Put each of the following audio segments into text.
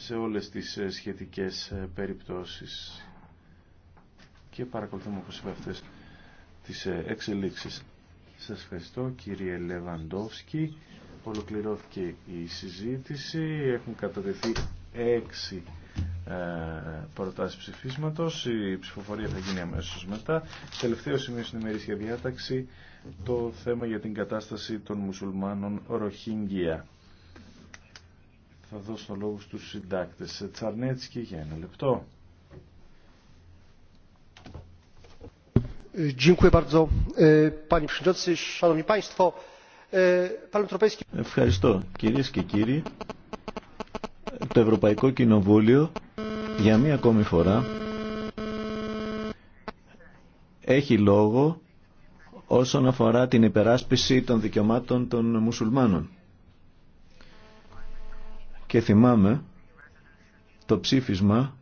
σε όλες τις ε, σχετικές ε, περιπτώσεις και παρακολουθούμε όπως είπα αυτές τις ε, εξελίξεις. Σας ευχαριστώ κύριε Λεβαντόφσκι. Ολοκληρώθηκε η συζήτηση. Έχουν κατατεθεί έξι προτάσεις ψηφίσματος. Η ψηφοφορία θα γίνει αμέσως μετά. Τελευταίο σημείο στην ημερήσια διάταξη το θέμα για την κατάσταση των μουσουλμάνων Ροχίνγκια. Θα δώσω λόγο στους συντάκτες. Τσαρνέτσκι για ένα λεπτό. Ε, ε, ε, Ευχαριστώ κυρίες και κύριοι. Το Ευρωπαϊκό Κοινοβούλιο για μία ακόμη φορά έχει λόγο όσον αφορά την υπεράσπιση των δικαιωμάτων των μουσουλμάνων. Και θυμάμαι το ψήφισμα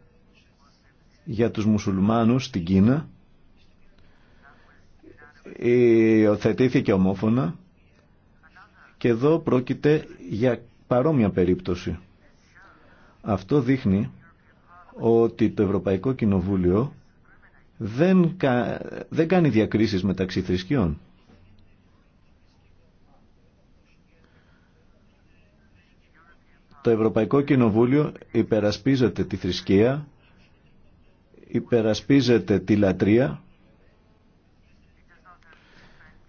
για τους μουσουλμάνους στην Κίνα υιοθετήθηκε ομόφωνα και εδώ πρόκειται για παρόμοια περίπτωση. Αυτό δείχνει ότι το Ευρωπαϊκό Κοινοβούλιο δεν, δεν κάνει διακρίσεις μεταξύ θρησκειών. Το Ευρωπαϊκό Κοινοβούλιο υπερασπίζεται τη θρησκεία, υπερασπίζεται τη λατρεία,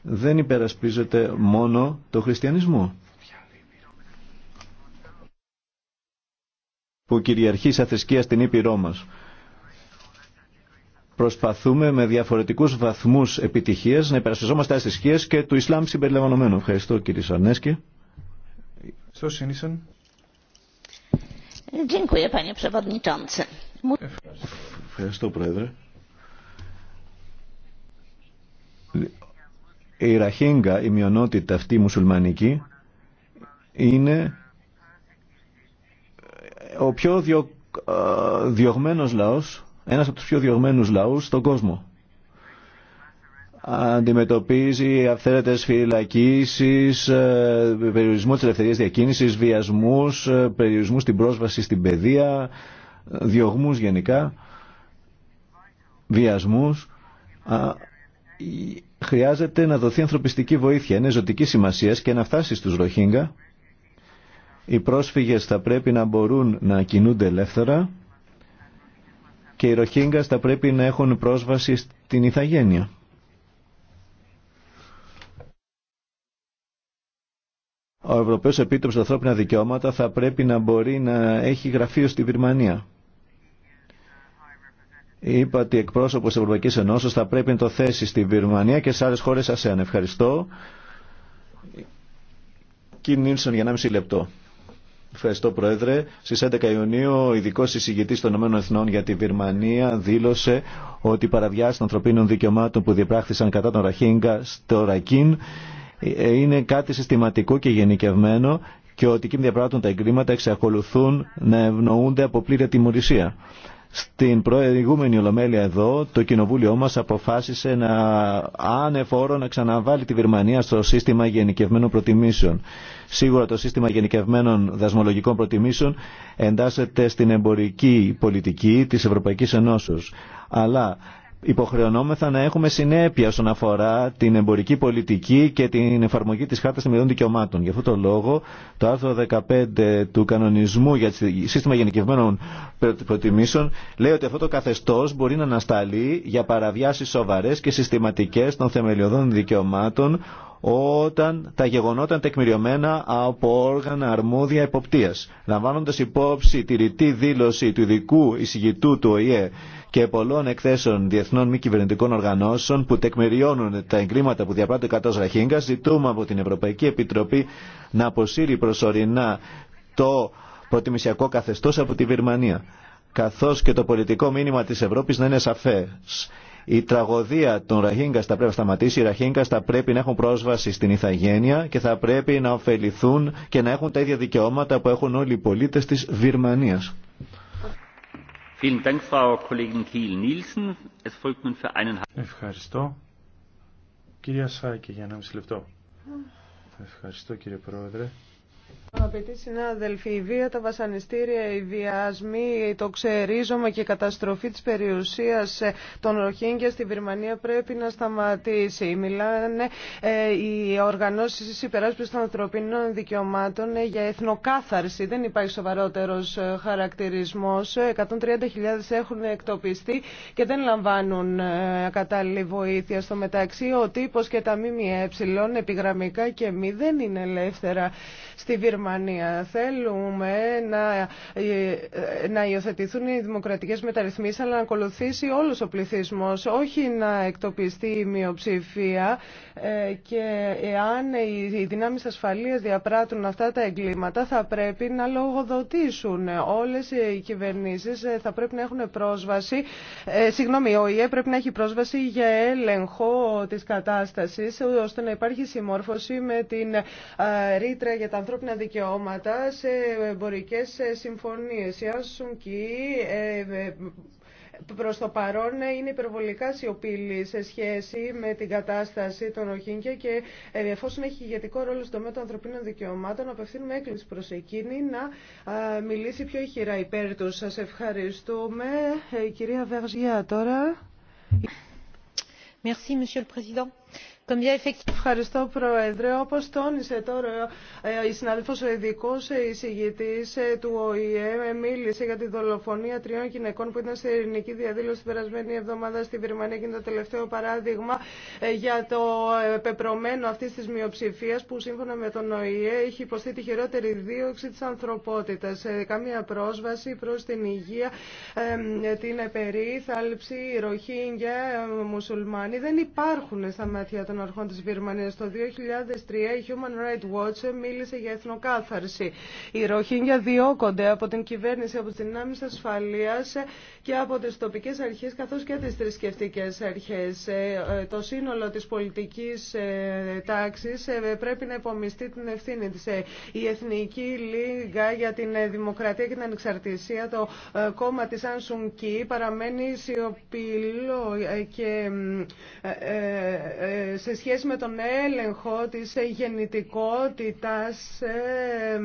δεν υπερασπίζεται μόνο το χριστιανισμό. που κυριαρχεί σαν θρησκεία στην Ήπειρό μας. Προσπαθούμε με διαφορετικούς βαθμούς επιτυχίας να υπερασπιζόμαστε τις θρησκείες και του Ισλάμ συμπεριλαμβανομένου. Ευχαριστώ κύριε Σαρνέσκη. Ευχαριστώ, Πρόεδρε. Η Ραχίνγκα, η μειονότητα αυτή μουσουλμανική, είναι ο πιο ε, διωγμένος λαός, ένας από τους πιο διωγμένους λαούς στον κόσμο αντιμετωπίζει αυθαίρετες φυλακίσεις, ε, περιορισμό της ελευθερίας διακίνησης, βιασμούς, ε, περιορισμού στην πρόσβαση στην παιδεία, διωγμούς γενικά, βιασμούς. Χρειάζεται να δοθεί ανθρωπιστική βοήθεια. Είναι ζωτική σημασία και να φτάσει στους Ροχίνγκα. Οι πρόσφυγες θα πρέπει να μπορούν να κινούνται ελεύθερα και οι Ροχίνγκας θα πρέπει να έχουν πρόσβαση στην Ιθαγένεια. ο Ευρωπαίος Επίτροπος των ανθρώπινα δικαιώματα θα πρέπει να μπορεί να έχει γραφείο στη Βυρμανία. Είπα ότι εκπρόσωπος της Ευρωπαϊκής Ενώσεως θα πρέπει να το θέσει στη Βυρμανία και σε άλλες χώρες ΑΣΕΑΝ. Ευχαριστώ. Κύριε Νίλσον για 1,5 λεπτό. Ευχαριστώ, Πρόεδρε. Στι 11 Ιουνίου, ο ειδικό εισηγητή των ΗΕ για τη Βυρμανία δήλωσε ότι οι παραβιάσει των ανθρωπίνων δικαιωμάτων που διεπράχθησαν κατά τον Ραχίνγκα στο Ρακίν είναι κάτι συστηματικό και γενικευμένο και ότι εκεί διαπράττουν τα εγκλήματα εξακολουθούν να ευνοούνται από πλήρη τιμωρησία. Στην προηγούμενη ολομέλεια εδώ το κοινοβούλιο μας αποφάσισε να ανεφόρον να ξαναβάλει τη Βερμανία στο σύστημα γενικευμένων προτιμήσεων. Σίγουρα το σύστημα γενικευμένων δασμολογικών προτιμήσεων εντάσσεται στην εμπορική πολιτική της Ευρωπαϊκής Ενώσεως. Αλλά υποχρεωνόμεθα να έχουμε συνέπεια όσον αφορά την εμπορική πολιτική και την εφαρμογή της Χάρτας Θεμελιών Δικαιωμάτων. Γι' αυτό το λόγο το άρθρο 15 του κανονισμού για το σύστημα γενικευμένων προτιμήσεων λέει ότι αυτό το καθεστώς μπορεί να ανασταλεί για παραβιάσεις σοβαρές και συστηματικές των θεμελιωδών δικαιωμάτων όταν τα γεγονότα τεκμηριωμένα από όργανα αρμόδια υποπτίας. Λαμβάνοντας υπόψη τη ρητή δήλωση του ειδικού εισηγητού του ΟΗΕ και πολλών εκθέσεων διεθνών μη κυβερνητικών οργανώσεων που τεκμηριώνουν τα εγκλήματα που διαπράττει ο κατός Ραχίνγκα, ζητούμε από την Ευρωπαϊκή Επιτροπή να αποσύρει προσωρινά το προτιμησιακό καθεστώς από τη Βιρμανία καθώς και το πολιτικό μήνυμα της Ευρώπης να είναι σαφές. Η τραγωδία των Ραχίνγκας θα πρέπει να σταματήσει. Οι Ραχίνγκας θα πρέπει να έχουν πρόσβαση στην ηθαγένεια και θα πρέπει να ωφεληθούν και να έχουν τα ίδια δικαιώματα που έχουν όλοι οι πολίτες της Βυρμανίας. Ευχαριστώ. Κυρία Σάκη, για ένα μισή λεπτό. Ευχαριστώ κύριε Πρόεδρε. Αγαπητοί συνάδελφοι, η βία, τα βασανιστήρια, οι βιασμοί, το ξερίζωμα και η καταστροφή της περιουσίας ε, των Ροχίνγκια στη Βυρμανία πρέπει να σταματήσει. Μιλάνε ε, οι οργανώσεις υπεράσπισης των ανθρωπίνων δικαιωμάτων ε, για εθνοκάθαρση. Δεν υπάρχει σοβαρότερος ε, χαρακτηρισμός. 130.000 έχουν εκτοπιστεί και δεν λαμβάνουν κατάλληλη βοήθεια. Στο μεταξύ, ο τύπος και τα ΜΜΕ επιγραμμικά και μη δεν είναι ελεύθερα στη Βυρμανία Γερμανία. Θέλουμε να, ε, να υιοθετηθούν οι δημοκρατικές μεταρρυθμίσεις, αλλά να ακολουθήσει όλος ο πληθυσμός, όχι να εκτοπιστεί η μειοψηφία ε, και εάν οι δυνάμεις ασφαλείας διαπράττουν αυτά τα εγκλήματα θα πρέπει να λογοδοτήσουν. Όλες οι κυβερνήσεις ε, θα πρέπει να έχουν πρόσβαση, συγγνώμη, ο ΙΕ πρέπει να έχει πρόσβαση για έλεγχο της κατάστασης ώστε να υπάρχει συμμόρφωση με την ρήτρα για τα ανθρώπινα δικαιώματα δικαιώματα σε εμπορικέ ε, συμφωνίες. Η Ασουνκή ε, ε, προς το παρόν είναι υπερβολικά σιωπηλή σε σχέση με την κατάσταση των Ροχίνκια και εφόσον έχει ηγετικό ρόλο στο τομέα των ανθρωπίνων δικαιωμάτων, απευθύνουμε έκκληση προς εκείνη να μιλήσει πιο ηχηρά υπέρ του. Σας ευχαριστούμε. Η κυρία Βεργιά τώρα. Merci, Monsieur le Président. Ευχαριστώ, Πρόεδρε. Όπω τόνισε τώρα ε, η συνάδελφο ο ειδικό εισηγητή ε, του ΟΗΕ, ε, μίλησε για τη δολοφονία τριών γυναικών που ήταν σε ειρηνική διαδήλωση την περασμένη εβδομάδα στη Βερμανία και είναι το τελευταίο παράδειγμα για το πεπρωμένο αυτή τη μειοψηφία που σύμφωνα με τον ΟΗΕ έχει υποστεί τη χειρότερη δίωξη τη ανθρωπότητα. Καμία πρόσβαση προ την υγεία, την περίθαλψη, η ροχήνγκια, μουσουλμάνοι δεν υπάρχουν στα μάτια των των αρχών της Το 2003 η Human Rights Watch μίλησε για εθνοκάθαρση. Οι Ροχίνγκια διώκονται από την κυβέρνηση, από τις δυνάμεις ασφαλείας και από τις τοπικές αρχές καθώς και τις θρησκευτικέ αρχές. Ε, ε, το σύνολο της πολιτικής ε, τάξης πρέπει να υπομειστεί την ευθύνη της. Η Εθνική Λίγα για την Δημοκρατία και την Ανεξαρτησία, το κόμμα της Άνσουν παραμένει σιωπηλό και σε σχέση με τον έλεγχο της γεννητικότητας ε,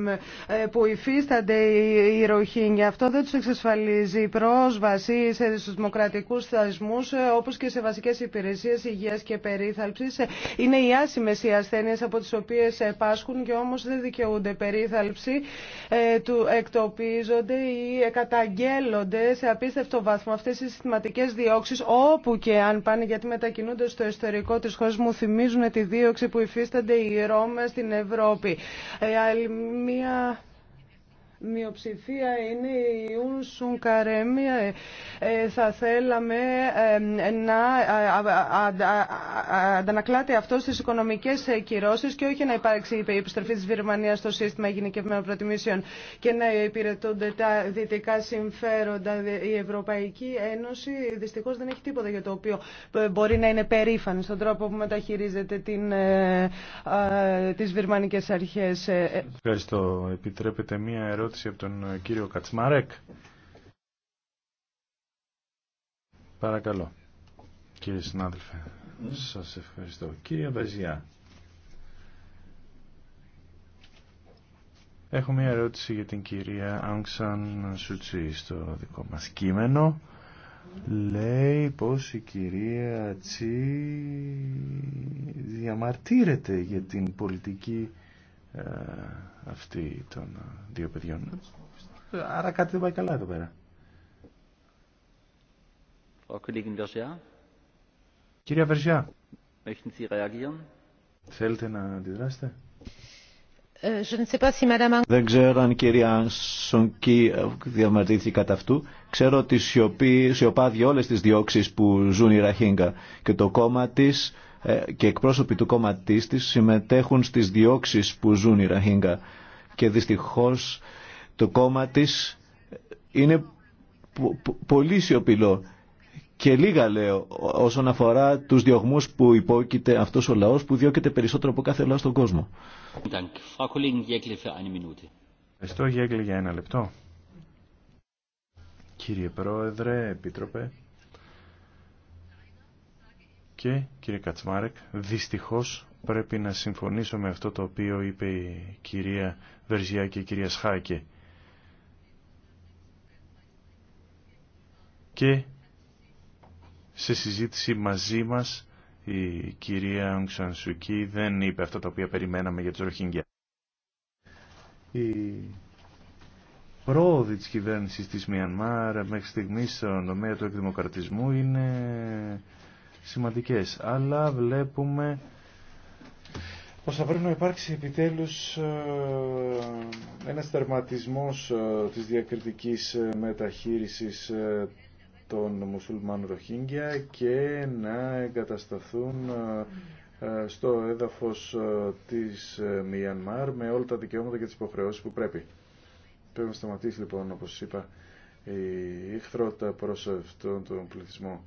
που υφίστανται οι ροχήνια. Αυτό δεν τους εξασφαλίζει η πρόσβαση σε δημοκρατικούς θεσμούς ε, όπως και σε βασικές υπηρεσίες υγείας και περίθαλψης. Ε, είναι οι άσημες οι ασθένειες από τις οποίες πάσχουν και όμως δεν δικαιούνται περίθαλψη. του εκτοπίζονται ή καταγγέλλονται σε απίστευτο βαθμό αυτές οι συστηματικές διώξεις όπου και αν πάνε γιατί μετακινούνται στο ιστορικό της χώρας μου θυμίζουν τη δίωξη που υφίστανται οι Ρώμα στην Ευρώπη. Ε, μια μειοψηφία είναι η Ιούνσουν Καρέμια. Ε, ε, θα θέλαμε να αντανακλάται αυτό στι οικονομικές ε, κυρώσεις και όχι να υπάρξει η επιστροφή της Βυρμανία στο σύστημα γενικευμένων προτιμήσεων και να υπηρετούνται τα δυτικά συμφέροντα. Η Ευρωπαϊκή Ένωση δυστυχώς δεν έχει τίποτα για το οποίο μπορεί να είναι περήφανη στον τρόπο που μεταχειρίζεται τι τις αρχέ. Ευχαριστώ. Επιτρέπετε μία ερώτηση ερώτηση από τον ε, κύριο Κατσμαρέκ. Παρακαλώ. Κύριε συνάδελφε, σας ευχαριστώ. Κύριε Βαζιά, έχω μια ερώτηση για την κυρία Άγξαν Σουτσί στο δικό μας κείμενο. Λέει πως η κυρία Τσι διαμαρτύρεται για την πολιτική ε, αυτή των ε, δύο παιδιών. Άρα κάτι δεν πάει καλά εδώ πέρα. Κυρία Βερζιά, θέλετε να αντιδράσετε. Ε, δεν ξέρω αν η κυρία Σονκή διαμαρτύρθηκε κατά αυτού. Ξέρω ότι σιωπάδει όλες τις διώξεις που ζουν οι Ραχίνγκα και το κόμμα της ε, και εκπρόσωποι του κόμματή τη συμμετέχουν στις διώξεις που ζουν οι Ραχίνγκα και δυστυχώς το κόμμα τη είναι πολύ σιωπηλό και λίγα λέω όσον αφορά τους διωγμούς που υπόκειται αυτός ο λαός που διώκεται περισσότερο από κάθε λαό στον κόσμο. Ευχαριστώ για ένα λεπτό. Κύριε Πρόεδρε, Επίτροπε, και κύριε Κατσμάρεκ, δυστυχώς πρέπει να συμφωνήσω με αυτό το οποίο είπε η κυρία Βερζιά και η κυρία Σχάκε. Και σε συζήτηση μαζί μας η κυρία Ουγξανσουκή δεν είπε αυτό το οποίο περιμέναμε για τους Ροχίνγκια. Η πρόοδη της κυβέρνησης της Μιανμάρ μέχρι στιγμής στον τομέα του εκδημοκρατισμού είναι σημαντικές, αλλά βλέπουμε πως θα πρέπει να υπάρξει επιτέλους ε, ένας τερματισμός ε, της διακριτικής ε, μεταχείρισης των μουσουλμάν Ροχίνγκια και να εγκατασταθούν στο έδαφος της Μιανμάρ με όλα τα δικαιώματα και τις υποχρεώσεις που πρέπει. Πρέπει να σταματήσει λοιπόν όπως είπα η εχθρότητα προς αυτόν τον πληθυσμό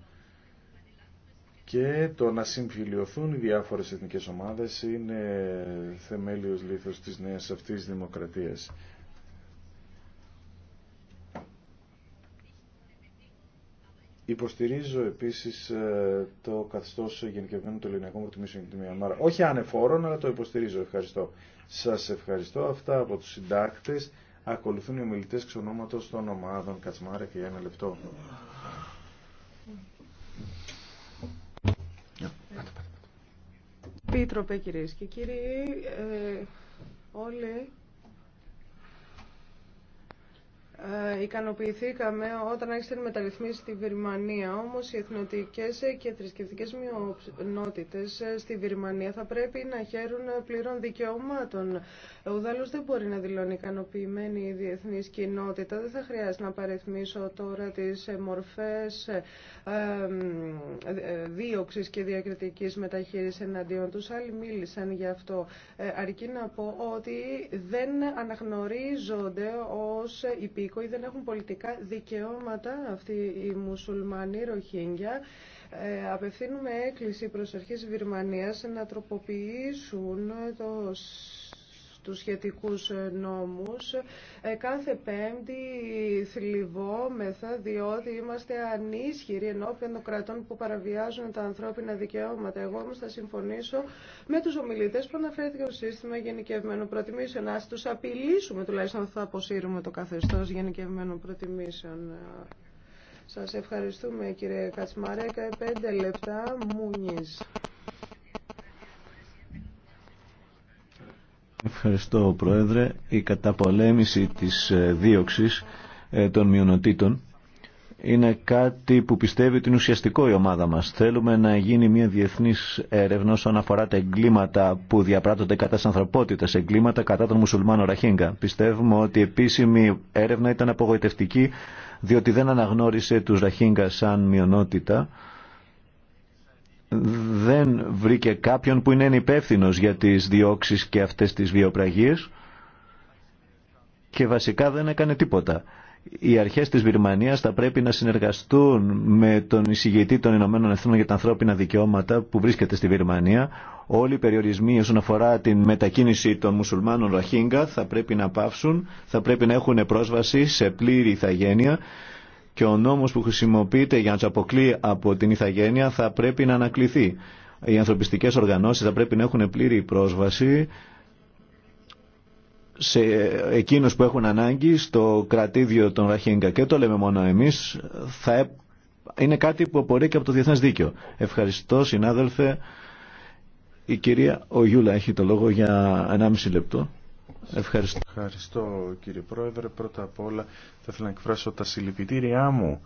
και το να συμφιλειωθούν οι διάφορες εθνικές ομάδες είναι θεμέλιος λίθος της νέας αυτής δημοκρατίας. Υποστηρίζω επίσης ε, το καθεστώς γενικευμένου του ελληνικού προτιμήσεων για τη Μιαμάρα. Όχι ανεφόρον, αλλά το υποστηρίζω. Ευχαριστώ. Σας ευχαριστώ. Αυτά από τους συντάκτες. Ακολουθούν οι ομιλητές ξονόματος των ομάδων Κατσμάρα και για ένα λεπτό. Επίτροπε κυρίες και κύριοι, ε, όλοι ε, ικανοποιηθήκαμε όταν άρχισε να μεταρρυθμίσει στη Βερμανία, όμω οι εθνοτικέ και θρησκευτικέ μειονότητε στη Βυρμανία θα πρέπει να χαίρουν πλήρων δικαιωμάτων. Ουδάλλως δεν μπορεί να δηλώνει ικανοποιημένη η διεθνή κοινότητα. Δεν θα χρειάζεται να παρεθμίσω τώρα τις μορφές δίωξη και διακριτική μεταχείρισης εναντίον τους. Άλλοι μίλησαν γι' αυτό. Ε, αρκεί να πω ότι δεν αναγνωρίζονται ω υπήκο πολιτικό ή δεν έχουν πολιτικά δικαιώματα αυτοί οι μουσουλμανοί Ροχίνγκια. Ε, απευθύνουμε έκκληση προς αρχής Βυρμανίας να τροποποιήσουν το τους σχετικούς ε, νόμους. Ε, κάθε πέμπτη θλιβόμεθα διότι είμαστε ανίσχυροι ενώπιον των κρατών που παραβιάζουν τα ανθρώπινα δικαιώματα. Εγώ όμως θα συμφωνήσω με τους ομιλητές που αναφέρθηκαν στο σύστημα γενικευμένων προτιμήσεων. Α τους απειλήσουμε τουλάχιστον θα αποσύρουμε το καθεστώ γενικευμένων προτιμήσεων. Σας ευχαριστούμε κύριε Κατσμαρέκα. Πέντε λεπτά. Μούνιες. Ευχαριστώ Πρόεδρε. Η καταπολέμηση της ε, δίωξης ε, των μειονοτήτων είναι κάτι που πιστεύει είναι ουσιαστικό η ομάδα μας. Θέλουμε να γίνει μια διεθνής έρευνα όσον αφορά τα εγκλήματα που διαπράττονται κατά της ανθρωπότητας, εγκλήματα κατά των μουσουλμάνων Ραχίνγκα. Πιστεύουμε ότι η επίσημη έρευνα ήταν απογοητευτική διότι δεν αναγνώρισε τους Ραχίνγκα σαν μειονότητα δεν βρήκε κάποιον που είναι υπεύθυνο για τις διώξεις και αυτές τις βιοπραγίες και βασικά δεν έκανε τίποτα. Οι αρχές της Βυρμανίας θα πρέπει να συνεργαστούν με τον εισηγητή των Ηνωμένων Εθνών για τα ανθρώπινα δικαιώματα που βρίσκεται στη Βυρμανία. Όλοι οι περιορισμοί όσον αφορά την μετακίνηση των μουσουλμάνων Ροχίνγκα θα πρέπει να πάυσουν, θα πρέπει να έχουν πρόσβαση σε πλήρη ηθαγένεια και ο νόμος που χρησιμοποιείται για να του αποκλεί από την ηθαγένεια θα πρέπει να ανακληθεί. Οι ανθρωπιστικές οργανώσεις θα πρέπει να έχουν πλήρη πρόσβαση σε εκείνους που έχουν ανάγκη στο κρατήδιο των Ραχίνγκα και το λέμε μόνο εμείς θα ε- είναι κάτι που απορρέει και από το Διεθνές Δίκαιο. Ευχαριστώ συνάδελφε. Η κυρία Ογιούλα έχει το λόγο για 1,5 λεπτό. Ευχαριστώ. Ευχαριστώ κύριε Πρόεδρε. Πρώτα απ' όλα θα ήθελα να εκφράσω τα συλληπιτήριά μου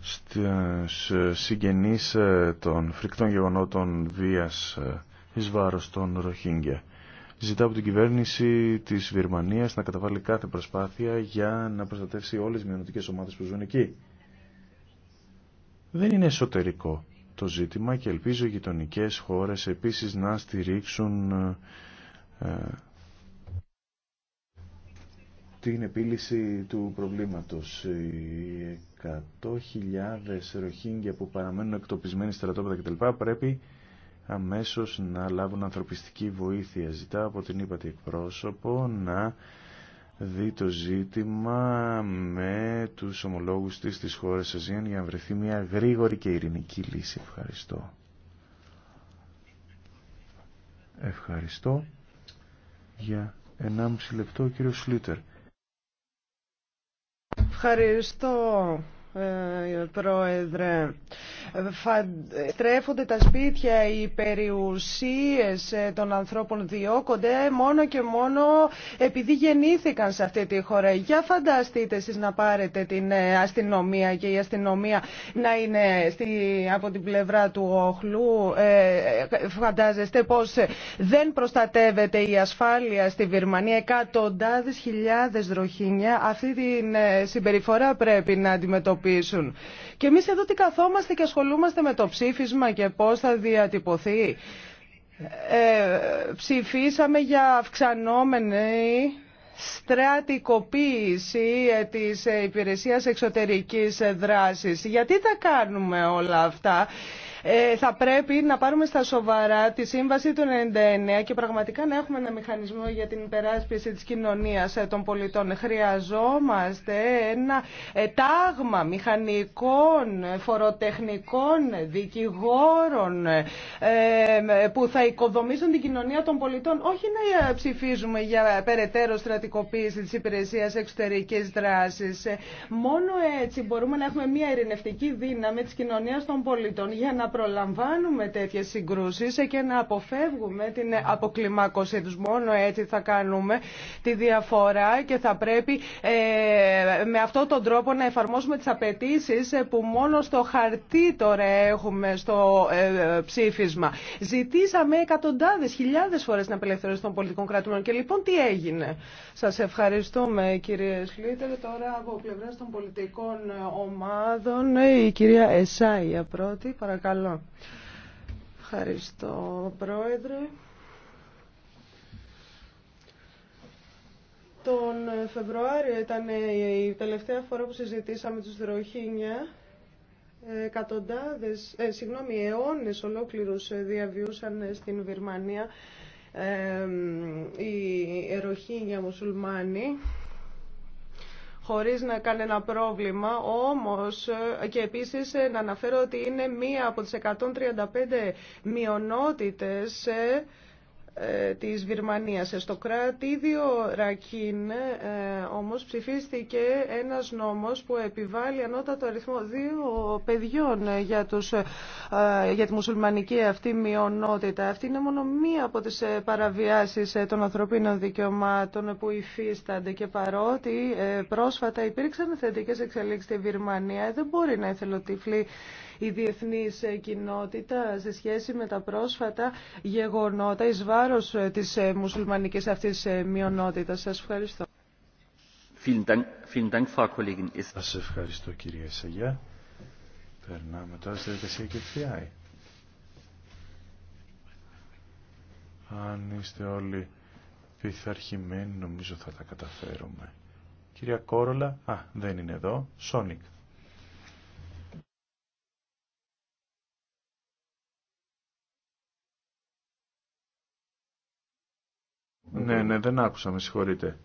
στους συγγενείς ε, των φρικτών γεγονότων βίας ε, εις βάρος των Ροχίνγκια. Ζητάω από την κυβέρνηση της Βυρμανίας να καταβάλει κάθε προσπάθεια για να προστατεύσει όλες τις μειονοτικές ομάδες που ζουν εκεί. Δεν είναι εσωτερικό το ζήτημα και ελπίζω οι γειτονικέ χώρες επίσης να στηρίξουν ε, την επίλυση του προβλήματος. Οι 100.000 ροχίνγκια που παραμένουν εκτοπισμένοι στρατόπεδα κτλ. πρέπει αμέσως να λάβουν ανθρωπιστική βοήθεια. Ζητά από την ύπατη εκπρόσωπο να δει το ζήτημα με τους ομολόγους της της χώρας Αζίαν για να βρεθεί μια γρήγορη και ειρηνική λύση. Ευχαριστώ. Ευχαριστώ για 1,5 λεπτό ο κύριος Σλίτερ. Ευχαριστώ, ε, Πρόεδρε. Στρέφονται τα σπίτια, οι περιουσίες ε, των ανθρώπων διώκονται μόνο και μόνο επειδή γεννήθηκαν σε αυτή τη χώρα. Για φανταστείτε εσείς να πάρετε την ε, αστυνομία και η αστυνομία να είναι στη, από την πλευρά του όχλου. Ε, φαντάζεστε πως δεν προστατεύεται η ασφάλεια στη Βυρμανία. Εκατοντάδες χιλιάδες ροχινιά αυτή την συμπεριφορά πρέπει να αντιμετωπίσουν. Και εμείς εδώ τι καθόμαστε και ασχολούμαστε ασχολούμαστε με το ψήφισμα και πώς θα διατυπωθεί. Ε, ψηφίσαμε για αυξανόμενη στρατικοποίηση ε, της ε, υπηρεσίας εξωτερικής ε, δράσης. Γιατί τα κάνουμε όλα αυτά. Ε, θα πρέπει να πάρουμε στα σοβαρά τη σύμβαση του 99 και πραγματικά να έχουμε ένα μηχανισμό για την υπεράσπιση της κοινωνίας ε, των πολιτών. Χρειαζόμαστε ένα ε, τάγμα μηχανικών, φοροτεχνικών, δικηγόρων που θα οικοδομήσουν την κοινωνία των πολιτών. Όχι να ψηφίζουμε για περαιτέρω στρατικοποίηση της υπηρεσίας εξωτερικής δράσης. Μόνο έτσι μπορούμε να έχουμε μια ειρηνευτική δύναμη της κοινωνίας των πολιτών για να προλαμβάνουμε τέτοιες συγκρούσεις και να αποφεύγουμε την αποκλιμάκωσή τους. Μόνο έτσι θα κάνουμε τη διαφορά και θα πρέπει ε, με αυτόν τον τρόπο να εφαρμόσουμε τις απαιτήσει ε, που μόνο στο χαρτί τώρα έχουμε στο ε, ψήφισμα. Ζητήσαμε εκατοντάδες, χιλιάδες φορές την απελευθέρωση των πολιτικών κρατούμενων και λοιπόν τι έγινε. Σας ευχαριστούμε κύριε Σλίτερ. Τώρα από πλευρά των πολιτικών ομάδων η κυρία Εσάια πρώτη. Παρακαλώ. Ευχαριστώ, Πρόεδρε. Τον Φεβρουάριο ήταν η τελευταία φορά που συζητήσαμε τους Ροχίνια. Εκατοντάδες, ε, συγγνώμη, αιώνες ολόκληρους διαβιούσαν στην Βυρμανία ε, οι Ροχίνια μουσουλμάνοι χωρίς να κάνει ένα πρόβλημα. Όμως ε, και επίσης ε, να αναφέρω ότι είναι μία από τις 135 μειονότητες ε, ε, της Βυρμανίας. Ε, στο κρατήδιο Ρακίν ε, όμως ψηφίστηκε ένας νόμος που επιβάλλει ανώτατο αριθμό δύο παιδιών για, τους, για τη μουσουλμανική αυτή μειονότητα. Αυτή είναι μόνο μία από τις παραβιάσεις των ανθρωπίνων δικαιωμάτων που υφίστανται και παρότι πρόσφατα υπήρξαν θετικές εξελίξεις στη Βυρμανία δεν μπορεί να εθελοτυφλεί η διεθνής ε, κοινότητα σε σχέση με τα πρόσφατα γεγονότα εις βάρος ε, της ε, μουσουλμανικής αυτής μειονότητας. Σας ευχαριστώ. Σας ευχαριστώ κυρία Σαγιά. Περνάμε τώρα στη διαδικασία και είναι; Αν είστε όλοι πειθαρχημένοι νομίζω θα τα καταφέρουμε. Κυρία Κόρολα, α, δεν είναι εδώ. Σόνικ. Ναι, ναι, δεν άκουσα, με συγχωρείτε.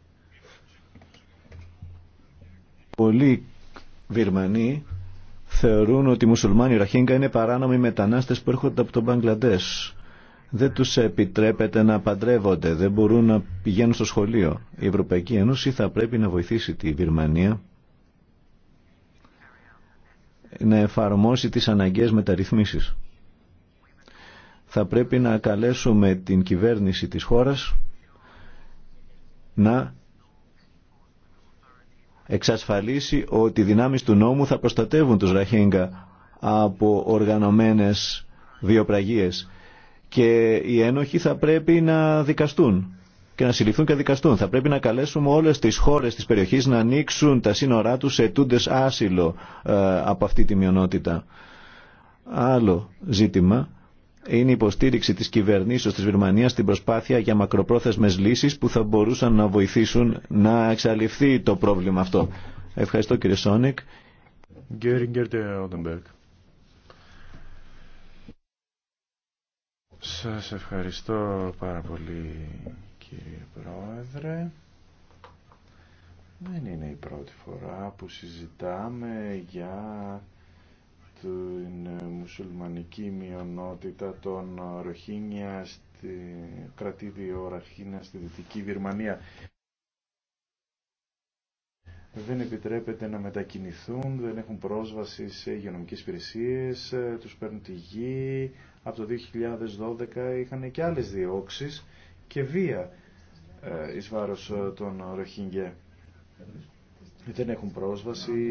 Πολλοί Βιρμανοί θεωρούν ότι οι μουσουλμάνοι Ραχίνγκα είναι παράνομοι μετανάστες που έρχονται από τον Μπαγκλαντές. Δεν τους επιτρέπεται να παντρεύονται, δεν μπορούν να πηγαίνουν στο σχολείο. Η Ευρωπαϊκή Ένωση θα πρέπει να βοηθήσει τη Βιρμανία να εφαρμόσει τις αναγκαίες μεταρρυθμίσεις. Θα πρέπει να καλέσουμε την κυβέρνηση της χώρας να εξασφαλίσει ότι οι δυνάμεις του νόμου θα προστατεύουν τους Ραχίνγκα από οργανωμένες βιοπραγίες και οι ένοχοι θα πρέπει να δικαστούν και να συλληφθούν και δικαστούν. Θα πρέπει να καλέσουμε όλες τις χώρες της περιοχής να ανοίξουν τα σύνορά τους σε τούντες άσυλο ε, από αυτή τη μειονότητα. Άλλο ζήτημα είναι η υποστήριξη της κυβερνήσεως της Βερμανίας στην προσπάθεια για μακροπρόθεσμες λύσεις που θα μπορούσαν να βοηθήσουν να εξαλειφθεί το πρόβλημα αυτό. Ευχαριστώ κύριε Σόνικ. Σας ευχαριστώ πάρα πολύ κύριε Πρόεδρε. Δεν είναι η πρώτη φορά που συζητάμε για την μουσουλμανική μειονότητα των Ροχίνια στη κρατήδιο Ραχίνα στη Δυτική Βυρμανία. Δεν επιτρέπεται να μετακινηθούν, δεν έχουν πρόσβαση σε υγειονομικές υπηρεσίε. Ε, τους παίρνουν τη γη. Από το 2012 είχαν και άλλες διώξεις και βία ε, εις βάρος ε, των Ροχίνγκε. Δεν έχουν πρόσβαση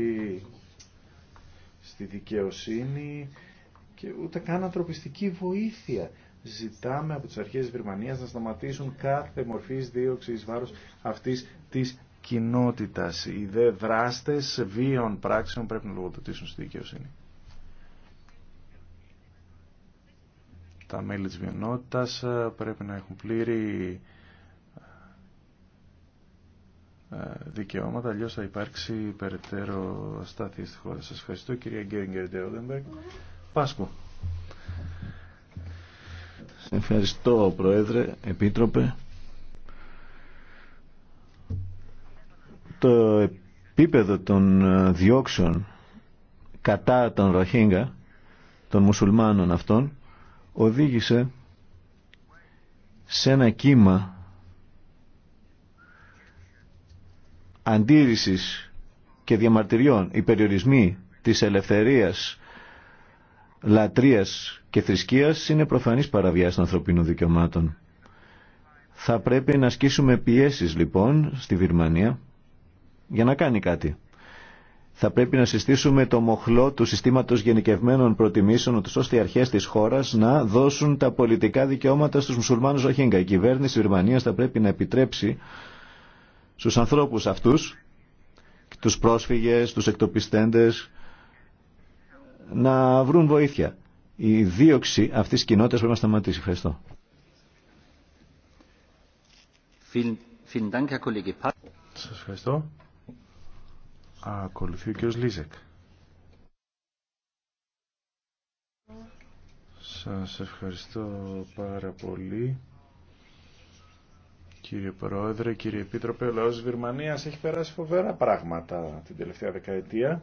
στη δικαιοσύνη και ούτε καν ανθρωπιστική βοήθεια. Ζητάμε από τις αρχές της να σταματήσουν κάθε μορφής δίωξης βάρος αυτής της κοινότητας. Οι δε δράστες βίων πράξεων πρέπει να λογοδοτήσουν στη δικαιοσύνη. Τα μέλη της βιονότητας ε, πρέπει να έχουν πλήρη ε, δικαιώματα, αλλιώς θα υπάρξει περαιτέρω σταθή στη χώρα. Σας ευχαριστώ κυρία Γκέριγκερ Ντέοδενμπεργκ. Πάσκου. Ευχαριστώ Πρόεδρε, Επίτροπε. Το επίπεδο των ε, διώξεων κατά των Ροχίνγκα, των μουσουλμάνων αυτών, οδήγησε σε ένα κύμα αντίρρησης και διαμαρτυριών, οι περιορισμοί της ελευθερίας, λατρείας και θρησκείας είναι προφανής παραβιάση των ανθρωπίνων δικαιωμάτων. Θα πρέπει να ασκήσουμε πιέσεις λοιπόν στη Βιρμανία για να κάνει κάτι. Θα πρέπει να συστήσουμε το μοχλό του συστήματος γενικευμένων προτιμήσεων ώστε οι αρχές της χώρας να δώσουν τα πολιτικά δικαιώματα στους μουσουλμάνους Ροχίνγκα. Η κυβέρνηση της θα πρέπει να επιτρέψει στους ανθρώπους αυτούς, τους πρόσφυγες, τους εκτοπιστέντες, να βρουν βοήθεια. Η δίωξη αυτής της κοινότητας πρέπει να σταματήσει. Ευχαριστώ. Σας ευχαριστώ. Ακολουθεί ο κ. Λίζεκ. Σας ευχαριστώ πάρα πολύ. Κύριε Πρόεδρε, κύριε Επίτροπε, ο λαός Βυρμανίας έχει περάσει φοβερά πράγματα την τελευταία δεκαετία.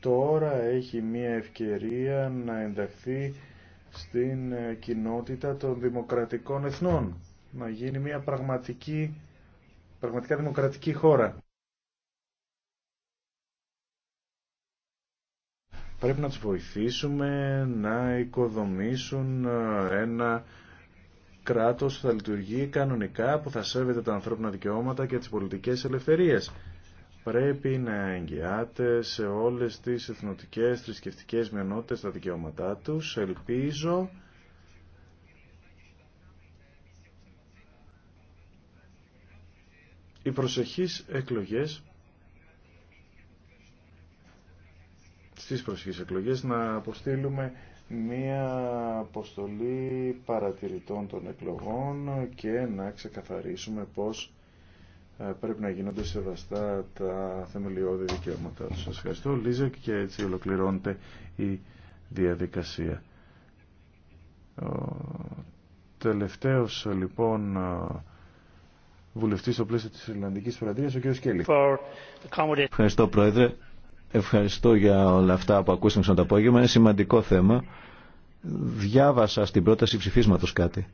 Τώρα έχει μία ευκαιρία να ενταχθεί στην ε, κοινότητα των δημοκρατικών εθνών, να γίνει μία πραγματική, πραγματικά δημοκρατική χώρα. Πρέπει να τους βοηθήσουμε να οικοδομήσουν ε, ένα κράτος θα λειτουργεί κανονικά που θα σέβεται τα ανθρώπινα δικαιώματα και τις πολιτικές ελευθερίες. Πρέπει να εγγυάται σε όλες τις εθνοτικές, θρησκευτικέ μειονότητες τα δικαιώματά τους. Ελπίζω οι προσεχείς εκλογές στις προσεχείς εκλογές να αποστείλουμε μία αποστολή παρατηρητών των εκλογών και να ξεκαθαρίσουμε πώς ε, πρέπει να γίνονται σεβαστά τα θεμελιώδη δικαιώματα τους. Σας ευχαριστώ Λίζα και έτσι ολοκληρώνεται η διαδικασία. Ο τελευταίος λοιπόν ε, βουλευτής στο πλαίσιο της Ιρλανδικής Φραντίας, ο κ. Σκέλη. Ευχαριστώ Πρόεδρε. Ευχαριστώ για όλα αυτά που ακούσαμε στον απόγευμα. Είναι σημαντικό θέμα. Διάβασα στην πρόταση ψηφίσματο κάτι.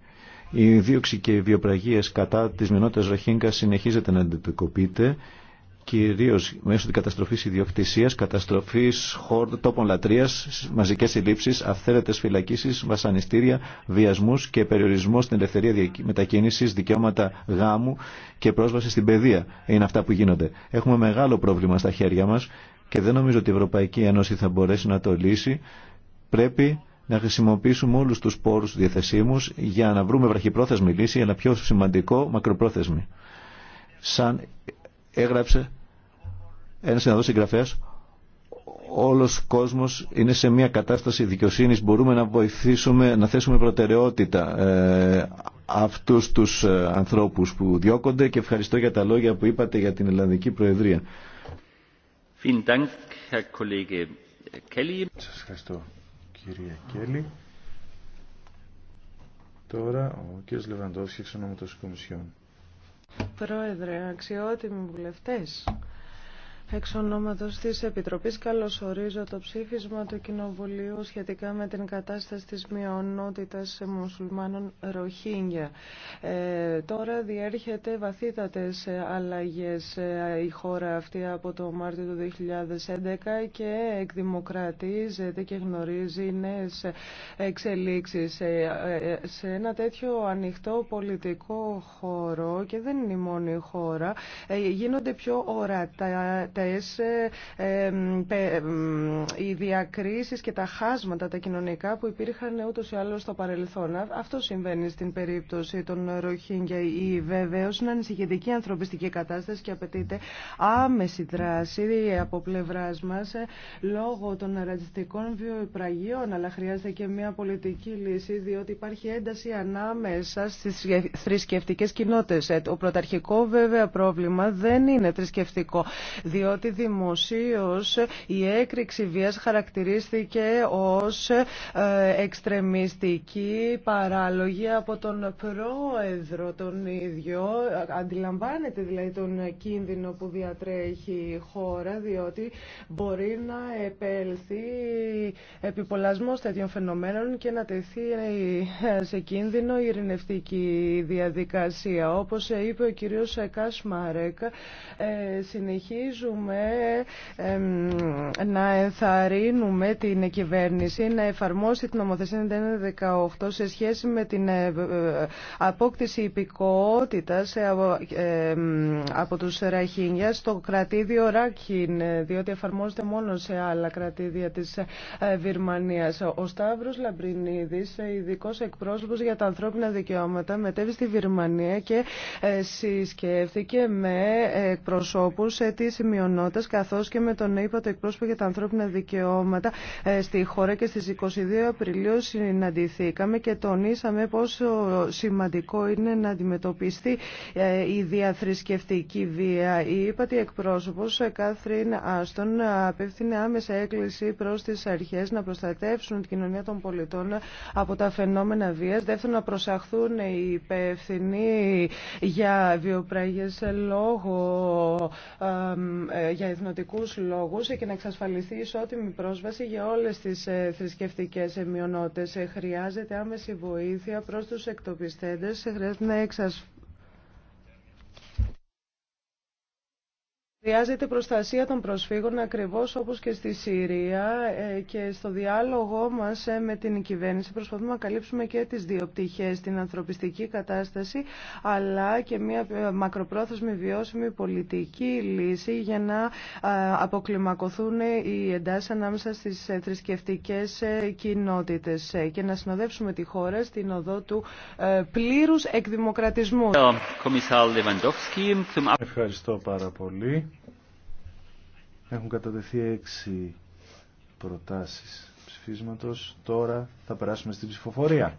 Η δίωξη και οι βιοπραγίε κατά τη μηνότητα Ροχίνκα συνεχίζεται να αντιπικοποιείται κυρίω μέσω τη καταστροφή ιδιοκτησίας, καταστροφής τόπων λατρεία, μαζικές συλλήψει, αυθαίρετε φυλακίσεις, βασανιστήρια, βιασμού και περιορισμό στην ελευθερία μετακίνηση, δικαιώματα γάμου και πρόσβαση στην παιδεία. Είναι αυτά που γίνονται. Έχουμε μεγάλο πρόβλημα στα χέρια μα και δεν νομίζω ότι η Ευρωπαϊκή Ένωση θα μπορέσει να το λύσει. Πρέπει να χρησιμοποιήσουμε όλους τους πόρους διαθεσίμου για να βρούμε βραχυπρόθεσμη λύση, αλλά πιο σημαντικό μακροπρόθεσμη. Σαν έγραψε ένα συναδό συγγραφέα, όλος ο κόσμος είναι σε μια κατάσταση δικαιοσύνη. μπορούμε να βοηθήσουμε, να θέσουμε προτεραιότητα ε, αυτούς τους ε, ανθρώπους που διώκονται και ευχαριστώ για τα λόγια που είπατε για την Ελλανδική Προεδρία. Σα ευχαριστώ κύριε Κέλλη. Τώρα ο κύριος Λεβαντός εξ ονόματος Κομισιόν. Πρόεδρε, αξιότιμοι βουλευτές, Εξ ονόματος της Επιτροπής καλωσορίζω το ψήφισμα του Κοινοβουλίου σχετικά με την κατάσταση της μειονότητας μουσουλμάνων Ροχίνγκια. Ε, τώρα διέρχεται βαθύτατες αλλαγές ε, η χώρα αυτή από το Μάρτιο του 2011 και εκδημοκρατίζεται και γνωρίζει νέες εξελίξεις ε, ε, σε ένα τέτοιο ανοιχτό πολιτικό χώρο και δεν είναι η μόνη χώρα γίνονται πιο ορατά αυτές ε, οι διακρίσεις και τα χάσματα τα κοινωνικά που υπήρχαν ούτως ή άλλως στο παρελθόν. Αυτό συμβαίνει στην περίπτωση των Ροχίνγκια ή βεβαίως είναι ανησυχητική ανθρωπιστική κατάσταση και απαιτείται άμεση δράση από πλευρά μας ε, λόγω των ρατσιστικών βιοϊπραγιών αλλά χρειάζεται και μια πολιτική λύση διότι υπάρχει ένταση ανάμεσα στις θρησκευτικές κοινότητες. Ε, το πρωταρχικό βέβαια πρόβλημα δεν είναι θρησκευτικό διότι διότι δημοσίως η έκρηξη βίας χαρακτηρίστηκε ως ε, εξτρεμιστική παράλογη από τον πρόεδρο τον ίδιο. Αντιλαμβάνεται δηλαδή τον κίνδυνο που διατρέχει η χώρα, διότι μπορεί να επέλθει επιπολασμός τέτοιων φαινομένων και να τεθεί ε, σε κίνδυνο η ειρηνευτική διαδικασία. Όπως είπε ο κύριος Κάσμαρεκ, ε, συνεχίζουμε μπορούμε να ενθαρρύνουμε την κυβέρνηση να εφαρμόσει την νομοθεσία 1918 σε σχέση με την ε, ε, απόκτηση υπηκότητας ε, από τους Ραχίνια στο κρατήδιο Ράκιν, διότι εφαρμόζεται μόνο σε άλλα κρατήδια της Βυρμανίας. Ο Σταύρος Λαμπρινίδης, ειδικό εκπρόσωπος για τα ανθρώπινα δικαιώματα, μετέβη στη Βυρμανία και συσκέφθηκε με εκπροσώπους τη μειονότητας Καθώ καθώς και με τον το εκπρόσωπο για τα ανθρώπινα δικαιώματα ε, στη χώρα και στι 22 Απριλίου συναντηθήκαμε και τονίσαμε πόσο σημαντικό είναι να αντιμετωπιστεί ε, η διαθρησκευτική βία. Η εκπρόσωπο εκπρόσωπος ε, Κάθριν Άστον απεύθυνε άμεσα έκκληση προ τι αρχέ, να προστατεύσουν την κοινωνία των πολιτών από τα φαινόμενα βία. Δεύτερον, να προσαχθούν οι υπεύθυνοι για βιοπραγίε λόγω ε, για εθνοτικού λόγους και να εξασφαλιστεί ισότιμη πρόσβαση για όλες τις ε, θρησκευτικές μειονότητες. Ε, χρειάζεται άμεση βοήθεια προς τους εκτοπιστέντες, χρειάζεται να εξασφαλιστεί Χρειάζεται προστασία των προσφύγων ακριβώς όπως και στη Συρία ε, και στο διάλογο μας ε, με την κυβέρνηση προσπαθούμε να καλύψουμε και τις δύο πτυχές, την ανθρωπιστική κατάσταση αλλά και μια ε, μακροπρόθεσμη βιώσιμη πολιτική λύση για να αποκλιμακωθούν οι εντάσεις ανάμεσα στις θρησκευτικέ κοινότητες και να συνοδεύσουμε τη χώρα στην οδό του πλήρους εκδημοκρατισμού. Ευχαριστώ πάρα πολύ. Έχουν κατατεθεί έξι προτάσεις ψηφίσματος. Τώρα θα περάσουμε στην ψηφοφορία.